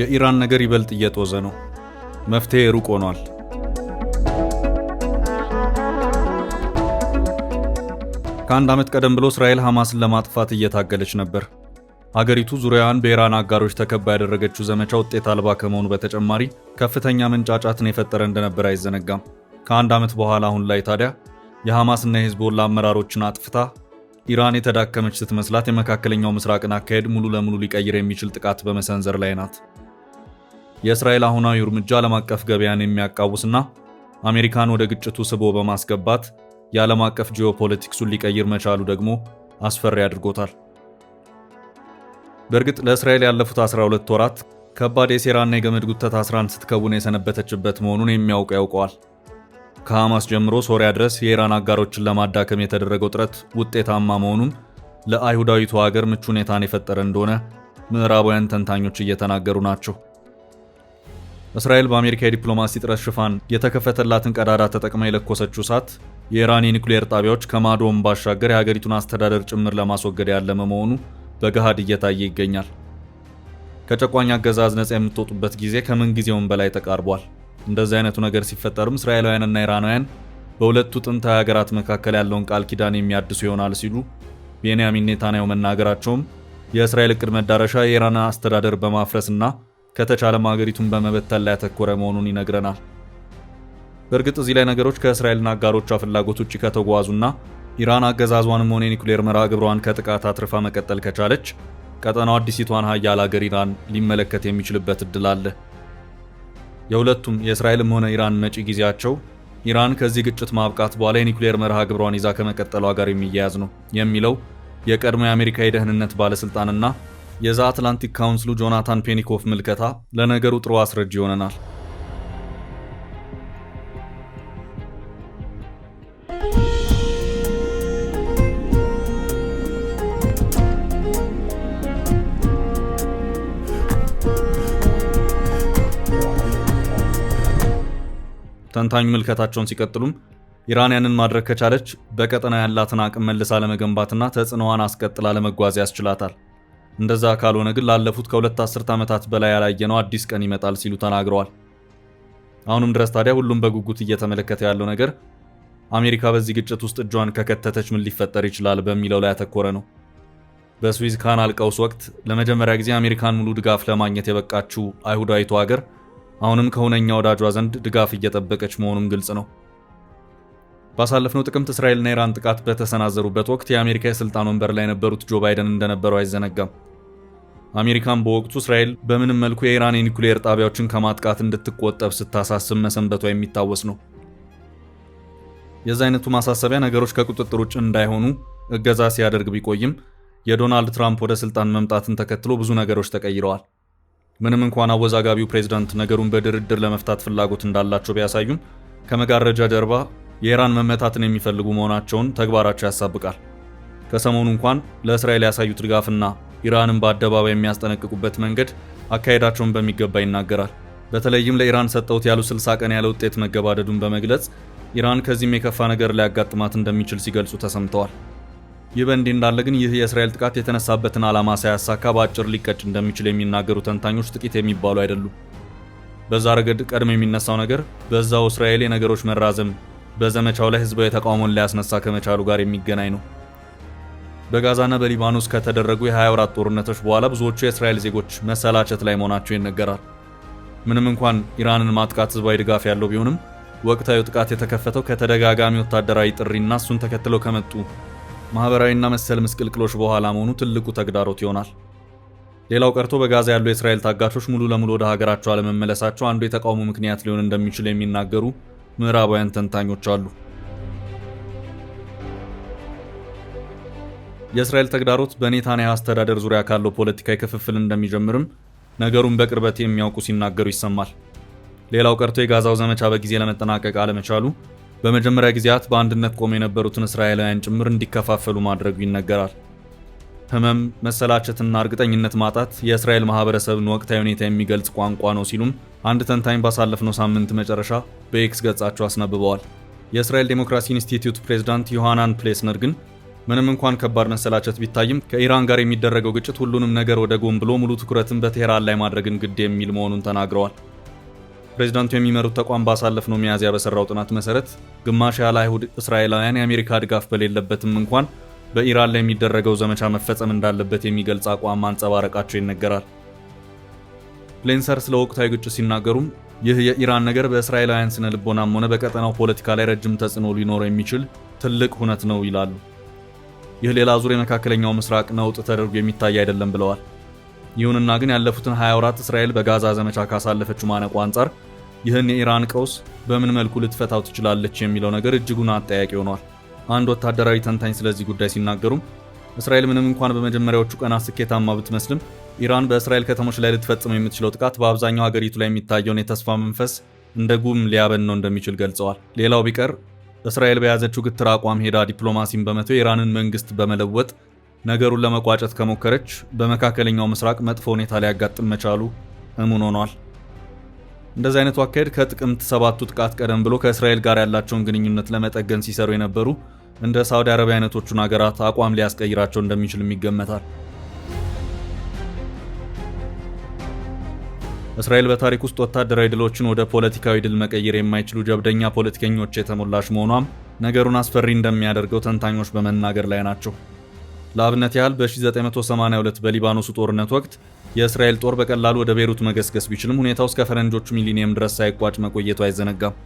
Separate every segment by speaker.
Speaker 1: የኢራን ነገር ይበልጥ እየጦዘ ነው። መፍትሄ ሩቅ ሆኗል። ከአንድ ዓመት ቀደም ብሎ እስራኤል ሐማስን ለማጥፋት እየታገለች ነበር። አገሪቱ ዙሪያዋን በኢራን አጋሮች ተከባ ያደረገችው ዘመቻ ውጤት አልባ ከመሆኑ በተጨማሪ ከፍተኛ መንጫጫትን የፈጠረ እንደነበር አይዘነጋም። ከአንድ ዓመት በኋላ አሁን ላይ ታዲያ የሐማስና የሂዝቦላ አመራሮችን አጥፍታ ኢራን የተዳከመች ስትመስላት የመካከለኛው ምስራቅን አካሄድ ሙሉ ለሙሉ ሊቀይር የሚችል ጥቃት በመሰንዘር ላይ ናት። የእስራኤል አሁናዊ እርምጃ ዓለም አቀፍ ገበያን የሚያቃውስና አሜሪካን ወደ ግጭቱ ስቦ በማስገባት የዓለም አቀፍ ጂኦፖለቲክሱን ሊቀይር መቻሉ ደግሞ አስፈሪ አድርጎታል። በእርግጥ ለእስራኤል ያለፉት 12 ወራት ከባድ የሴራና የገመድ ጉተት አስራን ስትከውን የሰነበተችበት መሆኑን የሚያውቅ ያውቀዋል። ከሐማስ ጀምሮ ሶሪያ ድረስ የኢራን አጋሮችን ለማዳከም የተደረገው ጥረት ውጤታማ መሆኑን ለአይሁዳዊቱ ሀገር ምቹ ሁኔታን የፈጠረ እንደሆነ ምዕራባውያን ተንታኞች እየተናገሩ ናቸው። እስራኤል በአሜሪካ የዲፕሎማሲ ጥረት ሽፋን የተከፈተላትን ቀዳዳ ተጠቅማ የለኮሰችው እሳት የኢራን የኒውክሌር ጣቢያዎች ከማዶም ባሻገር የሀገሪቱን አስተዳደር ጭምር ለማስወገድ ያለመ መሆኑ በገሃድ እየታየ ይገኛል። ከጨቋኝ አገዛዝ ነጻ የምትወጡበት ጊዜ ከምን ጊዜውም በላይ ተቃርቧል። እንደዚህ አይነቱ ነገር ሲፈጠርም እስራኤላውያንና ኢራናውያን በሁለቱ ጥንታዊ ሀገራት መካከል ያለውን ቃል ኪዳን የሚያድሱ ይሆናል ሲሉ ቤንያሚን ኔታንያሁ መናገራቸውም የእስራኤል እቅድ መዳረሻ የኢራን አስተዳደር በማፍረስና ከተቻለም ሀገሪቱን በመበተን ላይ ያተኮረ መሆኑን ይነግረናል። በእርግጥ እዚህ ላይ ነገሮች ከእስራኤልና አጋሮቿ ፍላጎት ውጭ ከተጓዙና ኢራን አገዛዟንም ሆነ የኒውክሌር መርሃ ግብሯን ከጥቃት አትርፋ መቀጠል ከቻለች ቀጠናው አዲሲቷን ሀያል ሀገር ኢራን ሊመለከት የሚችልበት እድል አለ። የሁለቱም የእስራኤልም ሆነ ኢራን መጪ ጊዜያቸው ኢራን ከዚህ ግጭት ማብቃት በኋላ የኒውክሌር መርሃ ግብሯን ይዛ ከመቀጠሏ ጋር የሚያያዝ ነው የሚለው የቀድሞ የአሜሪካ የደህንነት ባለስልጣንና የዛ አትላንቲክ ካውንስሉ ጆናታን ፔኒኮፍ ምልከታ ለነገሩ ጥሩ አስረጅ ይሆነናል። ተንታኙ ምልከታቸውን ሲቀጥሉም ኢራን ያንን ማድረግ ከቻለች በቀጠና ያላትን አቅም መልሳ ለመገንባትና ተጽዕኖዋን አስቀጥላ ለመጓዝ ያስችላታል። እንደዛ ካልሆነ ግን ላለፉት ከሁለት አስርት ዓመታት በላይ ያላየነው አዲስ ቀን ይመጣል ሲሉ ተናግረዋል። አሁንም ድረስ ታዲያ ሁሉም በጉጉት እየተመለከተ ያለው ነገር አሜሪካ በዚህ ግጭት ውስጥ እጇን ከከተተች ምን ሊፈጠር ይችላል በሚለው ላይ ያተኮረ ነው። በስዊዝ ካናል ቀውስ ወቅት ለመጀመሪያ ጊዜ አሜሪካን ሙሉ ድጋፍ ለማግኘት የበቃችው አይሁዳዊቱ ሀገር አሁንም ከሁነኛ ወዳጇ ዘንድ ድጋፍ እየጠበቀች መሆኑም ግልጽ ነው። ባሳለፍነው ጥቅምት እስራኤልና ኢራን ጥቃት በተሰናዘሩበት ወቅት የአሜሪካ የስልጣን ወንበር ላይ የነበሩት ጆ ባይደን እንደነበሩ አይዘነጋም። አሜሪካን በወቅቱ እስራኤል በምንም መልኩ የኢራን የኒኩሌር ጣቢያዎችን ከማጥቃት እንድትቆጠብ ስታሳስብ መሰንበቷ የሚታወስ ነው። የዚህ አይነቱ ማሳሰቢያ ነገሮች ከቁጥጥር ውጭ እንዳይሆኑ እገዛ ሲያደርግ ቢቆይም የዶናልድ ትራምፕ ወደ ስልጣን መምጣትን ተከትሎ ብዙ ነገሮች ተቀይረዋል። ምንም እንኳን አወዛጋቢው ፕሬዝዳንት ነገሩን በድርድር ለመፍታት ፍላጎት እንዳላቸው ቢያሳዩም ከመጋረጃ ጀርባ የኢራን መመታትን የሚፈልጉ መሆናቸውን ተግባራቸው ያሳብቃል። ከሰሞኑ እንኳን ለእስራኤል ያሳዩት ድጋፍና ኢራንን በአደባባይ የሚያስጠነቅቁበት መንገድ አካሄዳቸውን በሚገባ ይናገራል። በተለይም ለኢራን ሰጠውት ያሉ 60 ቀን ያለ ውጤት መገባደዱን በመግለጽ ኢራን ከዚህም የከፋ ነገር ሊያጋጥማት እንደሚችል ሲገልጹ ተሰምተዋል። ይህ በእንዲህ እንዳለ ግን ይህ የእስራኤል ጥቃት የተነሳበትን ዓላማ ሳያሳካ በአጭር ሊቀጭ እንደሚችል የሚናገሩ ተንታኞች ጥቂት የሚባሉ አይደሉም። በዛ ረገድ ቀድሞ የሚነሳው ነገር በዛው እስራኤል የነገሮች መራዘም በዘመቻው ላይ ህዝባዊ ተቃውሞን ሊያስነሳ ከመቻሉ ጋር የሚገናኝ ነው። በጋዛና በሊባኖስ ከተደረጉ የ 24 ጦርነቶች በኋላ ብዙዎቹ የእስራኤል ዜጎች መሰላቸት ላይ መሆናቸው ይነገራል። ምንም እንኳን ኢራንን ማጥቃት ህዝባዊ ድጋፍ ያለው ቢሆንም ወቅታዊ ጥቃት የተከፈተው ከተደጋጋሚ ወታደራዊ ጥሪና እሱን ተከትለው ከመጡ ማኅበራዊና መሰል ምስቅልቅሎች በኋላ መሆኑ ትልቁ ተግዳሮት ይሆናል። ሌላው ቀርቶ በጋዛ ያሉ የእስራኤል ታጋቾች ሙሉ ለሙሉ ወደ ሀገራቸው አለመመለሳቸው አንዱ የተቃውሞ ምክንያት ሊሆን እንደሚችል የሚናገሩ ምዕራባውያን ተንታኞች አሉ። የእስራኤል ተግዳሮት በኔታንያ አስተዳደር ዙሪያ ካለው ፖለቲካዊ ክፍፍል እንደሚጀምርም ነገሩን በቅርበት የሚያውቁ ሲናገሩ ይሰማል። ሌላው ቀርቶ የጋዛው ዘመቻ በጊዜ ለመጠናቀቅ አለመቻሉ በመጀመሪያ ጊዜያት በአንድነት ቆመው የነበሩትን እስራኤላውያን ጭምር እንዲከፋፈሉ ማድረጉ ይነገራል። ህመም፣ መሰላቸትና እርግጠኝነት ማጣት የእስራኤል ማህበረሰብን ወቅታዊ ሁኔታ የሚገልጽ ቋንቋ ነው ሲሉም አንድ ተንታኝ ባሳለፍነው ሳምንት መጨረሻ በኤክስ ገጻቸው አስነብበዋል። የእስራኤል ዴሞክራሲ ኢንስቲትዩት ፕሬዝዳንት ዮሐናን ፕሌስነር ግን ምንም እንኳን ከባድ መሰላቸት ቢታይም ከኢራን ጋር የሚደረገው ግጭት ሁሉንም ነገር ወደ ጎን ብሎ ሙሉ ትኩረትን በቴህራን ላይ ማድረግን ግድ የሚል መሆኑን ተናግረዋል። ፕሬዚዳንቱ የሚመሩት ተቋም ባሳለፍነው ሚያዝያ በሰራው ጥናት መሰረት ግማሽ ያህል አይሁድ እስራኤላውያን የአሜሪካ ድጋፍ በሌለበትም እንኳን በኢራን ላይ የሚደረገው ዘመቻ መፈጸም እንዳለበት የሚገልጽ አቋም ማንጸባረቃቸው ይነገራል። ፕሌንሰር ስለ ወቅታዊ ግጭት ሲናገሩም ይህ የኢራን ነገር በእስራኤላውያን ስነ ልቦናም ሆነ በቀጠናው ፖለቲካ ላይ ረጅም ተጽዕኖ ሊኖረው የሚችል ትልቅ ሁነት ነው ይላሉ። ይህ ሌላ ዙር የመካከለኛው ምስራቅ ነውጥ ተደርጎ የሚታይ አይደለም ብለዋል። ይሁንና ግን ያለፉትን 24 እስራኤል በጋዛ ዘመቻ ካሳለፈችው ማነቆ አንጻር ይህን የኢራን ቀውስ በምን መልኩ ልትፈታው ትችላለች የሚለው ነገር እጅጉን አጠያቂ ሆኗል። አንድ ወታደራዊ ተንታኝ ስለዚህ ጉዳይ ሲናገሩም እስራኤል ምንም እንኳን በመጀመሪያዎቹ ቀናት ስኬታማ ብትመስልም ኢራን በእስራኤል ከተሞች ላይ ልትፈጽመው የምትችለው ጥቃት በአብዛኛው ሀገሪቱ ላይ የሚታየውን የተስፋ መንፈስ እንደ ጉም ሊያበን ነው እንደሚችል ገልጸዋል። ሌላው ቢቀር እስራኤል በያዘችው ግትር አቋም ሄዳ ዲፕሎማሲን በመተው የኢራንን መንግስት በመለወጥ ነገሩን ለመቋጨት ከሞከረች በመካከለኛው ምስራቅ መጥፎ ሁኔታ ሊያጋጥም መቻሉ እሙን ሆኗል። እንደዚህ አይነቱ አካሄድ ከጥቅምት ሰባቱ ጥቃት ቀደም ብሎ ከእስራኤል ጋር ያላቸውን ግንኙነት ለመጠገን ሲሰሩ የነበሩ እንደ ሳውዲ አረቢያ አይነቶቹን ሀገራት አቋም ሊያስቀይራቸው እንደሚችልም ይገመታል። እስራኤል በታሪክ ውስጥ ወታደራዊ ድሎችን ወደ ፖለቲካዊ ድል መቀየር የማይችሉ ጀብደኛ ፖለቲከኞች የተሞላች መሆኗም ነገሩን አስፈሪ እንደሚያደርገው ተንታኞች በመናገር ላይ ናቸው። ለአብነት ያህል በ1982 በሊባኖሱ ጦርነት ወቅት የእስራኤል ጦር በቀላሉ ወደ ቤይሩት መገስገስ ቢችልም ሁኔታው እስከ ፈረንጆቹ ሚሊኒየም ድረስ ሳይቋጭ መቆየቱ አይዘነጋም።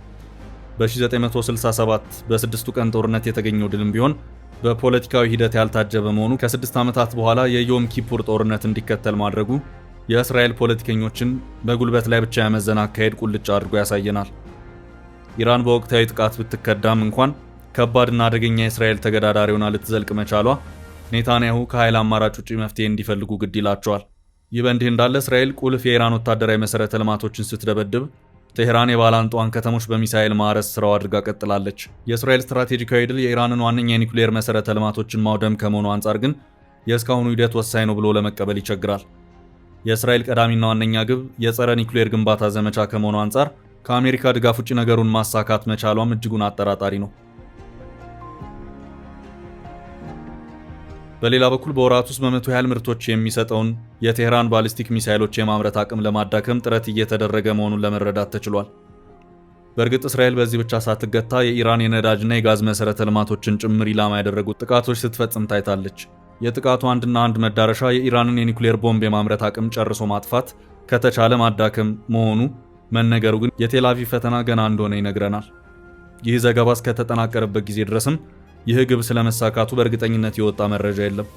Speaker 1: በ1967 በስድስቱ ቀን ጦርነት የተገኘው ድልም ቢሆን በፖለቲካዊ ሂደት ያልታጀበ መሆኑ ከስድስት ዓመታት በኋላ የዮም ኪፑር ጦርነት እንዲከተል ማድረጉ የእስራኤል ፖለቲከኞችን በጉልበት ላይ ብቻ ያመዘነ አካሄድ ቁልጭ አድርጎ ያሳየናል። ኢራን በወቅታዊ ጥቃት ብትከዳም እንኳን ከባድና አደገኛ የእስራኤል ተገዳዳሪ ሆና ልትዘልቅ መቻሏ ኔታንያሁ ከኃይል አማራጭ ውጪ መፍትሄ እንዲፈልጉ ግድ ይላቸዋል። ይህ በእንዲህ እንዳለ እስራኤል ቁልፍ የኢራን ወታደራዊ መሠረተ ልማቶችን ስትደበድብ ቴህራን የባላንጧን ከተሞች በሚሳኤል ማዕረስ ስራው አድርጋ ቀጥላለች። የእስራኤል ስትራቴጂካዊ ድል የኢራንን ዋነኛ የኒውክሌር መሠረተ ልማቶችን ማውደም ከመሆኑ አንጻር ግን የእስካሁኑ ሂደት ወሳኝ ነው ብሎ ለመቀበል ይቸግራል። የእስራኤል ቀዳሚና ዋነኛ ግብ የጸረ ኒውክሌር ግንባታ ዘመቻ ከመሆኑ አንጻር ከአሜሪካ ድጋፍ ውጭ ነገሩን ማሳካት መቻሏም እጅጉን አጠራጣሪ ነው። በሌላ በኩል በወራት ውስጥ በመቶ ያህል ምርቶች የሚሰጠውን የቴህራን ባሊስቲክ ሚሳይሎች የማምረት አቅም ለማዳከም ጥረት እየተደረገ መሆኑን ለመረዳት ተችሏል። በእርግጥ እስራኤል በዚህ ብቻ ሳትገታ የኢራን የነዳጅና የጋዝ መሠረተ ልማቶችን ጭምር ኢላማ ያደረጉት ጥቃቶች ስትፈጽም ታይታለች። የጥቃቱ አንድና አንድ መዳረሻ የኢራንን የኒኩሌር ቦምብ የማምረት አቅም ጨርሶ ማጥፋት ከተቻለ ማዳከም መሆኑ መነገሩ ግን የቴላቪቭ ፈተና ገና እንደሆነ ይነግረናል። ይህ ዘገባ እስከተጠናቀረበት ጊዜ ድረስም ይህ ግብ ስለመሳካቱ በእርግጠኝነት የወጣ መረጃ የለም።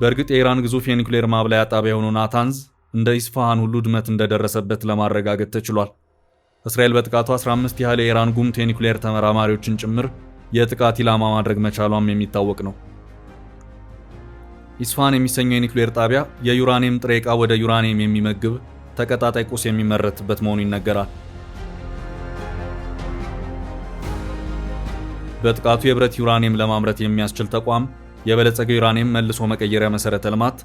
Speaker 1: በእርግጥ የኢራን ግዙፍ የኒኩሌር ማብላያ ጣቢያ የሆነው ናታንዝ እንደ ኢስፋሃን ሁሉ ውድመት እንደደረሰበት ለማረጋገጥ ተችሏል። እስራኤል በጥቃቱ 15 ያህል የኢራን ጉምት የኒኩሌር ተመራማሪዎችን ጭምር የጥቃት ኢላማ ማድረግ መቻሏም የሚታወቅ ነው። ኢስፋን የሚሰኘው የኒውክሌር ጣቢያ የዩራኒየም ጥሬ ዕቃ ወደ ዩራኒየም የሚመግብ ተቀጣጣይ ቁስ የሚመረትበት መሆኑ ይነገራል። በጥቃቱ የብረት ዩራኒየም ለማምረት የሚያስችል ተቋም፣ የበለጸገ ዩራኒየም መልሶ መቀየሪያ መሠረተ ልማት፣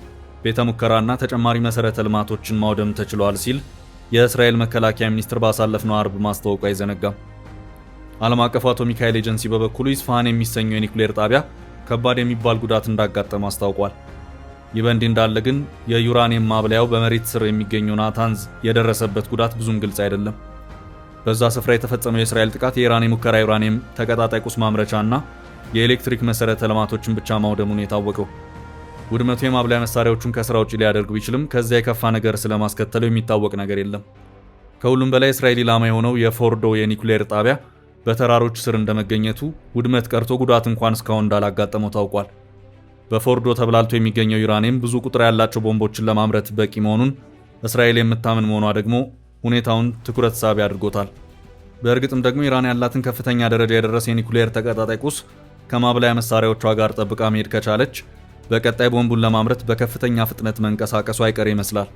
Speaker 1: ቤተ ሙከራና ተጨማሪ መሠረተ ልማቶችን ማውደም ተችሏል ሲል የእስራኤል መከላከያ ሚኒስትር ባሳለፍነው አርብ ማስታወቁ አይዘነጋም። ዓለም አቀፉ አቶሚክ ኃይል ኤጀንሲ በበኩሉ ኢስፋሃን የሚሰኘው የኒውክሌር ጣቢያ ከባድ የሚባል ጉዳት እንዳጋጠመ አስታውቋል። ይህ በእንዲህ እንዳለ ግን የዩራኒየም ማብለያው በመሬት ስር የሚገኘው ናታንዝ የደረሰበት ጉዳት ብዙም ግልጽ አይደለም። በዛ ስፍራ የተፈጸመው የእስራኤል ጥቃት የኢራን የሙከራ ዩራኒየም ተቀጣጣይ ቁስ ማምረቻ እና የኤሌክትሪክ መሰረተ ልማቶችን ብቻ ማውደሙን የታወቀው ውድመቱ የማብለያ መሳሪያዎቹን ከስራ ውጭ ሊያደርግ ቢችልም ከዚያ የከፋ ነገር ስለማስከተለው የሚታወቅ ነገር የለም። ከሁሉም በላይ እስራኤል ኢላማ የሆነው የፎርዶ የኒኩሌር ጣቢያ በተራሮች ስር እንደመገኘቱ ውድመት ቀርቶ ጉዳት እንኳን እስካሁን እንዳላጋጠመው ታውቋል። በፎርዶ ተብላልቶ የሚገኘው ዩራኒየም ብዙ ቁጥር ያላቸው ቦምቦችን ለማምረት በቂ መሆኑን እስራኤል የምታምን መሆኗ ደግሞ ሁኔታውን ትኩረት ሳቢ አድርጎታል። በእርግጥም ደግሞ ኢራን ያላትን ከፍተኛ ደረጃ የደረሰ የኒኩሌር ተቀጣጣይ ቁስ ከማብላያ መሳሪያዎቿ ጋር ጠብቃ መሄድ ከቻለች በቀጣይ ቦምቡን ለማምረት በከፍተኛ ፍጥነት መንቀሳቀሱ አይቀር ይመስላል።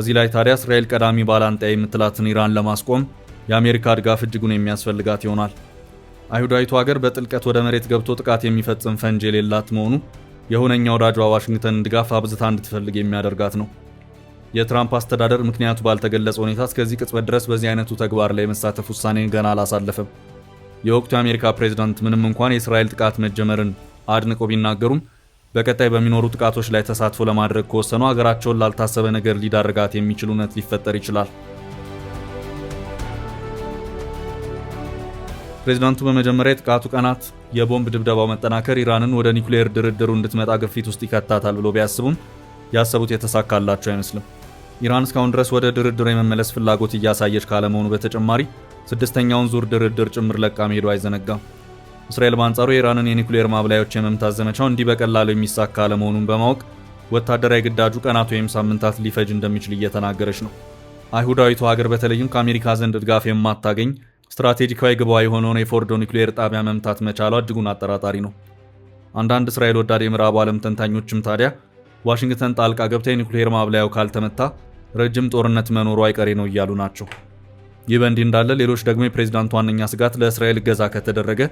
Speaker 1: እዚህ ላይ ታዲያ እስራኤል ቀዳሚ ባላንጣያ የምትላትን ኢራን ለማስቆም የአሜሪካ ድጋፍ እጅጉን የሚያስፈልጋት ይሆናል። አይሁዳዊቱ ሀገር በጥልቀት ወደ መሬት ገብቶ ጥቃት የሚፈጽም ፈንጅ የሌላት መሆኑ የሁነኛ ወዳጇ ዋሽንግተንን ድጋፍ አብዝታ እንድትፈልግ የሚያደርጋት ነው። የትራምፕ አስተዳደር ምክንያቱ ባልተገለጸ ሁኔታ እስከዚህ ቅጽበት ድረስ በዚህ አይነቱ ተግባር ላይ የመሳተፍ ውሳኔ ገና አላሳለፈም። የወቅቱ የአሜሪካ ፕሬዝዳንት ምንም እንኳን የእስራኤል ጥቃት መጀመርን አድንቆ ቢናገሩም በቀጣይ በሚኖሩ ጥቃቶች ላይ ተሳትፎ ለማድረግ ከወሰኑ ሀገራቸውን ላልታሰበ ነገር ሊዳርጋት የሚችል እውነት ሊፈጠር ይችላል። ፕሬዚዳንቱ በመጀመሪያ የጥቃቱ ቀናት የቦምብ ድብደባው መጠናከር ኢራንን ወደ ኒውክሌር ድርድሩ እንድትመጣ ግፊት ውስጥ ይከታታል ብሎ ቢያስቡም ያሰቡት የተሳካላቸው አይመስልም። ኢራን እስካሁን ድረስ ወደ ድርድሩ የመመለስ ፍላጎት እያሳየች ካለመሆኑ በተጨማሪ ስድስተኛውን ዙር ድርድር ጭምር ለቃ መሄዱ አይዘነጋም። እስራኤል በአንጻሩ የኢራንን የኒውክሌር ማብላዮች የመምታት ዘመቻው እንዲህ በቀላሉ የሚሳካ አለመሆኑን በማወቅ ወታደራዊ ግዳጁ ቀናት ወይም ሳምንታት ሊፈጅ እንደሚችል እየተናገረች ነው። አይሁዳዊቱ ሀገር በተለይም ከአሜሪካ ዘንድ ድጋፍ የማታገኝ ስትራቴጂካዊ ግባ የሆነውን የፎርዶ ኒውክሌር ጣቢያ መምታት መቻሏ እጅጉን አጠራጣሪ ነው። አንዳንድ እስራኤል ወዳድ የምዕራብ ዓለም ተንታኞችም ታዲያ ዋሽንግተን ጣልቃ ገብታ የኒውክሌር ማብለያው ካልተመታ ረጅም ጦርነት መኖሩ አይቀሬ ነው እያሉ ናቸው። ይህ በእንዲህ እንዳለ ሌሎች ደግሞ የፕሬዚዳንቱ ዋነኛ ስጋት ለእስራኤል እገዛ ከተደረገ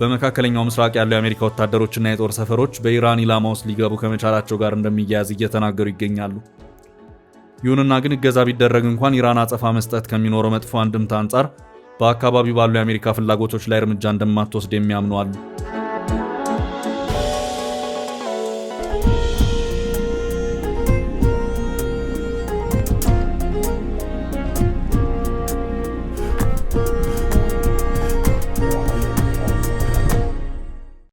Speaker 1: በመካከለኛው ምስራቅ ያለው የአሜሪካ ወታደሮችና የጦር ሰፈሮች በኢራን ኢላማ ውስጥ ሊገቡ ከመቻላቸው ጋር እንደሚያያዝ እየተናገሩ ይገኛሉ። ይሁንና ግን እገዛ ቢደረግ እንኳን ኢራን አጸፋ መስጠት ከሚኖረው መጥፎ አንድምታ አንጻር በአካባቢው ባሉ የአሜሪካ ፍላጎቶች ላይ እርምጃ እንደማትወስድ የሚያምኑ አሉ።